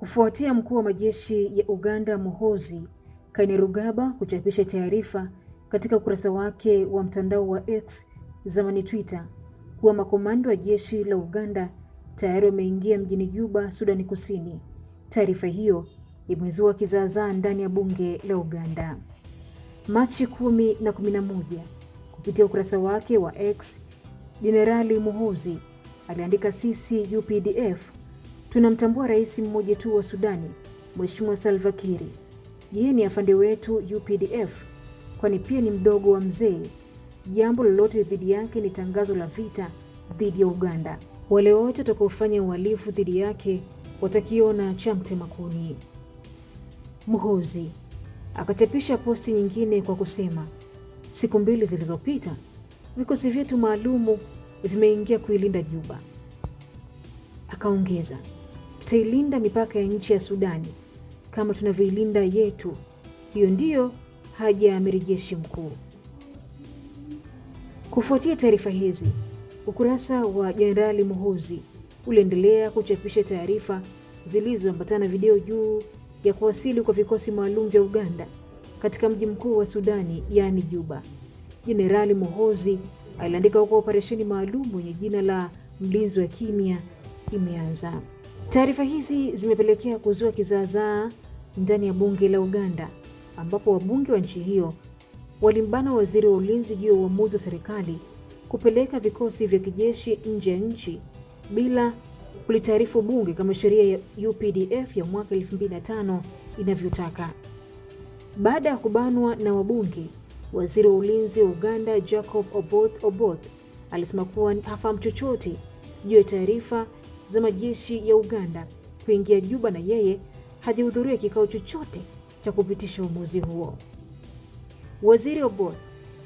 kufuatia mkuu wa majeshi ya Uganda Muhoozi Kainerugaba kuchapisha taarifa katika ukurasa wake wa mtandao wa X zamani Twitter kuwa makomando ya jeshi la Uganda tayari wameingia mjini Juba, Sudani Kusini. Taarifa hiyo imezua kizaazaa ndani ya bunge la Uganda. Machi kumi na moja, kupitia ukurasa wake wa X, Jenerali Muhoozi aliandika sisi UPDF Tunamtambua rais mmoja tu wa Sudani, Mheshimiwa Salva Kiir. Yeye ni afande wetu UPDF, kwani pia ni mdogo wa mzee. Jambo lolote dhidi yake ni tangazo la vita dhidi ya Uganda. Wale wote watakaofanya uhalifu dhidi yake watakiona cha mtema kuni. Mhozi akachapisha posti nyingine kwa kusema, siku mbili zilizopita vikosi vyetu maalumu vimeingia kuilinda Juba. Akaongeza, tutailinda mipaka ya nchi ya Sudani kama tunavyoilinda yetu. Hiyo ndiyo haja ya amiri jeshi mkuu. Kufuatia taarifa hizi, ukurasa wa Jenerali Muhuzi uliendelea kuchapisha taarifa zilizoambatana video juu ya kuwasili kwa vikosi maalum vya Uganda katika mji mkuu wa Sudani, yaani Juba. Jenerali Muhoozi aliandika huko, operesheni maalum yenye jina la mlinzi wa kimya imeanza. Taarifa hizi zimepelekea kuzua kizaazaa ndani ya bunge la Uganda ambapo wabunge wa nchi hiyo walimbana waziri wa ulinzi juu ya uamuzi wa serikali kupeleka vikosi vya kijeshi nje ya nchi bila kulitaarifu bunge kama sheria ya UPDF ya mwaka 2005 inavyotaka. Baada ya kubanwa na wabunge, waziri wa ulinzi wa Uganda Jacob Oboth Oboth alisema kuwa hafahamu chochote juu ya taarifa za majeshi ya Uganda kuingia Juba na yeye hajahudhuria kikao chochote cha kupitisha uamuzi huo. Waziri Oboth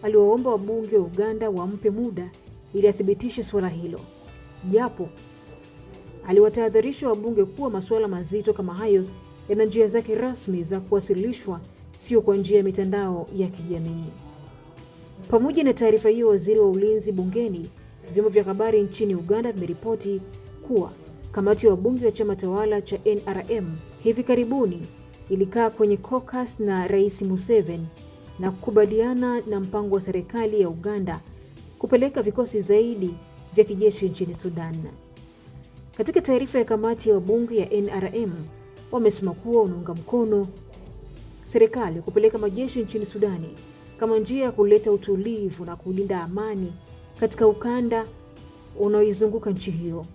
aliwaomba wabunge wa Uganda wampe muda ili athibitishe suala hilo, japo aliwatahadharisha wabunge kuwa masuala mazito kama hayo yana njia zake rasmi za kuwasilishwa, sio kwa njia ya mitandao ya kijamii. Pamoja na taarifa hiyo, waziri wa ulinzi bungeni, vyombo vya habari nchini Uganda vimeripoti kuwa kamati ya wabunge wa chama tawala cha NRM hivi karibuni ilikaa kwenye caucus na Rais Museveni na kukubaliana na mpango wa serikali ya Uganda kupeleka vikosi zaidi vya kijeshi nchini Sudan. Katika taarifa ya kamati ya wabunge ya NRM, wamesema kuwa wanaunga mkono serikali kupeleka majeshi nchini Sudani kama njia ya kuleta utulivu na kulinda amani katika ukanda unaoizunguka nchi hiyo.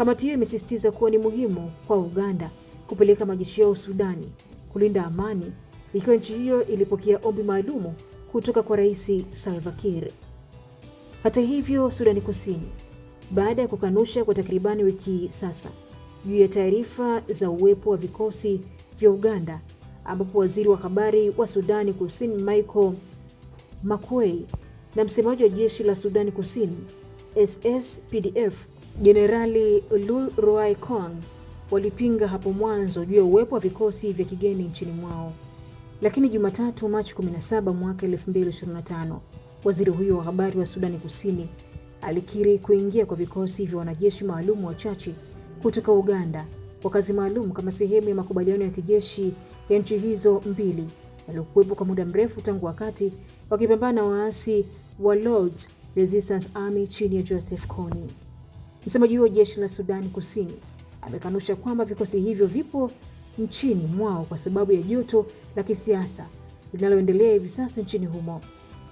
Kamati hiyo imesisitiza kuwa ni muhimu kwa Uganda kupeleka majeshi yao Sudani kulinda amani, ikiwa nchi hiyo ilipokea ombi maalumu kutoka kwa Rais Salva Kiir. Hata hivyo, Sudani Kusini, baada ya kukanusha kwa takribani wiki sasa juu ya taarifa za uwepo wa vikosi vya Uganda, ambapo waziri wa habari wa Sudani Kusini Michael Makuei na msemaji wa jeshi la Sudani Kusini SSPDF Jenerali Lu Kong walipinga hapo mwanzo juu ya uwepo wa vikosi vya kigeni nchini mwao, lakini Jumatatu Machi 17 mwaka 2025 waziri huyo wa habari wa Sudani Kusini alikiri kuingia kwa vikosi vya wanajeshi maalum wachache kutoka Uganda kwa kazi maalum kama sehemu ya makubaliano ya kijeshi ya nchi hizo mbili yaliyokuwepo kwa muda mrefu tangu wakati wakipambana na waasi wa Lord's Resistance Army chini ya Joseph Kony. Msemaji huyo jeshi la Sudani Kusini amekanusha kwamba vikosi hivyo vipo nchini mwao kwa sababu ya joto la kisiasa linaloendelea hivi sasa nchini humo.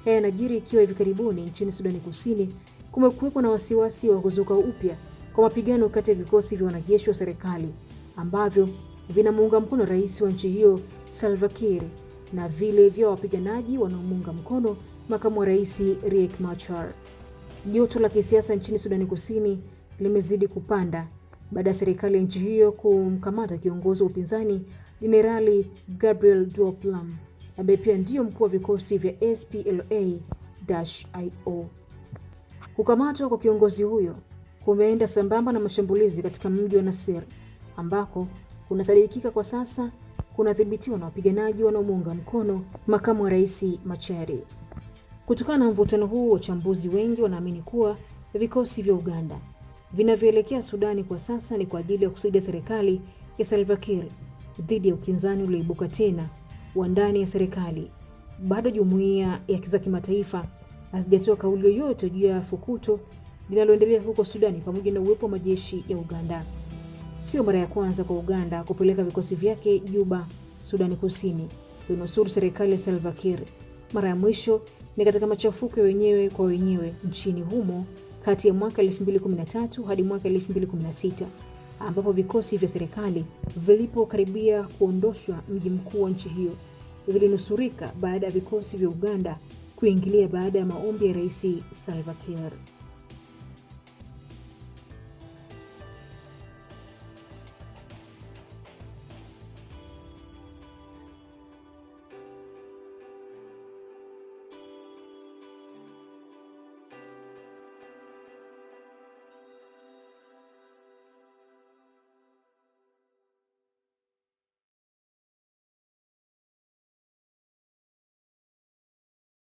Haya yanajiri ikiwa hivi karibuni nchini Sudani Kusini kumekuwepo na wasiwasi wa kuzuka upya kwa mapigano kati ya vikosi vya wanajeshi wa serikali ambavyo vinamuunga mkono rais wa nchi hiyo Salva Kiir na vile vya wapiganaji wanaomuunga mkono makamu wa rais Riek Machar. Joto la kisiasa nchini Sudani Kusini limezidi kupanda baada ya serikali ya nchi hiyo kumkamata kiongozi wa upinzani Jenerali Gabriel Duoplam ambaye pia ndiyo mkuu wa vikosi vya SPLA-IO. Kukamatwa kwa kiongozi huyo kumeenda sambamba na mashambulizi katika mji wa nasir ambako kunasadikika kwa sasa kunadhibitiwa na wapiganaji wanaomuunga mkono makamu wa rais Machari. Kutokana na mvutano huu, wachambuzi wengi wanaamini kuwa vikosi vya Uganda vinavyoelekea Sudani kwa sasa ni kwa ajili ya kusaidia serikali ya Salva Kiir dhidi ya ukinzani ulioibuka tena wa ndani ya serikali. Bado jumuiya za kimataifa hazijatoa kauli yoyote juu ya fukuto linaloendelea huko Sudani pamoja na uwepo wa majeshi ya Uganda. Sio mara ya kwanza kwa Uganda kupeleka vikosi vyake Juba, Sudani Kusini, kunusuru serikali ya Salva Kiir. Mara ya mwisho ni katika machafuko ya wenyewe kwa wenyewe nchini humo kati ya mwaka 2013 hadi mwaka 2016 ambapo vikosi vya serikali vilipokaribia kuondoshwa mji mkuu wa nchi hiyo vilinusurika baada ya vikosi vya Uganda kuingilia baada ya maombi ya Rais Salva Kiir.